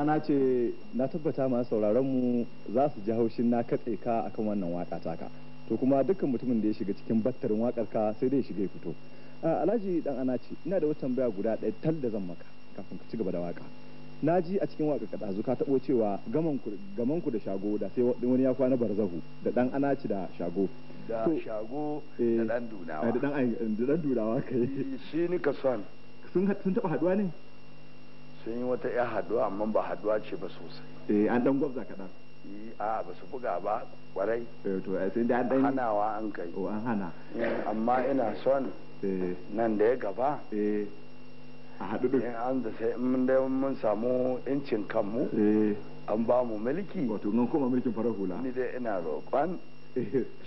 sana ce na tabbata masu sauraron mu za su ji haushin na katse ka akan wannan waka taka to kuma dukkan mutumin da ya shiga cikin battarin wakar ka sai dai shiga ya fito alhaji dan ana ce ina da wata tambaya guda ɗaya tal da zan maka kafin ka ci gaba da waka na ji a cikin waka kada zuka ka cewa gaman ku da shago da sai wani ya kwana barzahu da dan ana ci da shago da shago eh, eh, da dan dunawa da dan dunawa kai shi ni ka san sun taɓa haɗuwa ne sun yi wata 'ya haduwa amma ba haduwa ce ba sosai eh an dan gwabza kaɗan eh, a ba su buga ba kwarai eh, to sai da dan hanawa an kai o oh, an hana eh, amma ina son nan da ya gaba a haɗu duk an da sai mun da mun samu incin kanmu an ba mu mulki wato mun kuma mulkin farar hula ni dai ina roƙon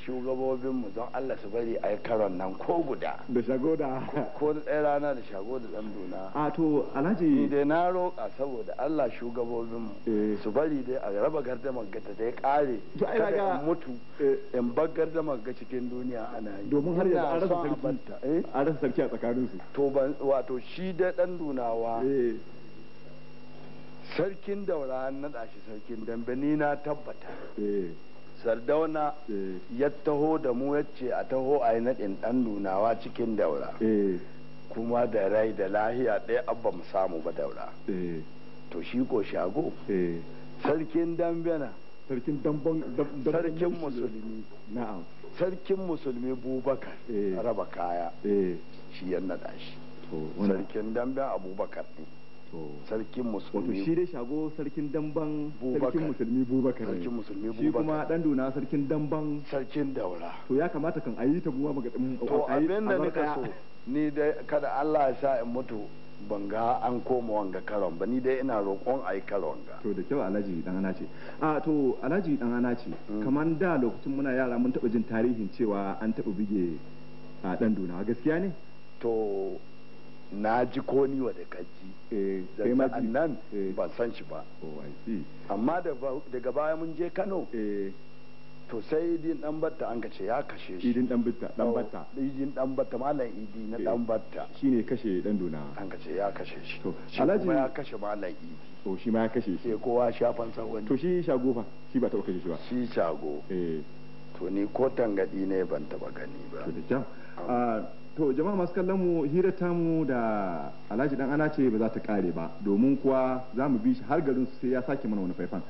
shugabobinmu don Allah su bari a yi karon nan ko guda da shagoda ko da ɗaya rana da shagoda ɗan duna a to alhaji ni dai na roƙa saboda Allah shugabobinmu eh. su bari dai a raba gardamar ga ta kare. kada in mutu eh. in bar gardamar ga cikin duniya ana yi domin har yanzu an rasa sarki a eh? rasa sarki a tsakaninsu to wato shi dai ɗan dunawa sarkin daura na naɗa shi sarkin dambe ni na tabbata sardauna eh. ya taho da mu ya ce a taho a yi naɗin ɗan nunawa cikin daura eh. kuma da rai da lahiya ɗaya abba mu samu ba daura eh. to shi ko shago sarkin dambena sarkin dambon sarkin musulmi na'am sarkin musulmi bubakar raba kaya shi yan naɗa shi sarkin damben abubakar ne sarkin musulmi wato shi dai shago sarkin damban sarkin musulmi bubakar sarkin musulmi bubakar shi kuma dan duna sarkin damban sarkin daura to ya kamata kan ayi ta buwa maga to abin da nika so ni dai kada Allah ya sa in mutu ban ga an koma wanga karon ba ni dai ina roƙon ayi karon ga to da kyau alhaji dan ana ce a to alhaji dan ana ce mm. kaman da lokacin muna yara mun taba jin tarihin cewa an taba bige a dan duna gaskiya ne to na ji ko ni wada kaji eh, da nan eh. ban san shi ba oh, amma daga baya mun je kano eh. to sai idin dan batta an kace ya kashe shi idin dan batta dan oh, batta idin dan batta malam idi na dan batta shine kashe dan dona an kace ya kashe shi to alhaji ya kashe malam idi to shi ma ya kashe shi sai kowa shafan sa wani to shi shago fa shi ba ta kashe shi ba shi shago eh to ni ko tangadi ne ban taba gani ba ah, to jama'a masu kallon mu hira ta mu da alhaji dan ana ce ba za ta kare ba domin kuwa zamu bi shi har garin sai ya sake mana wani faifan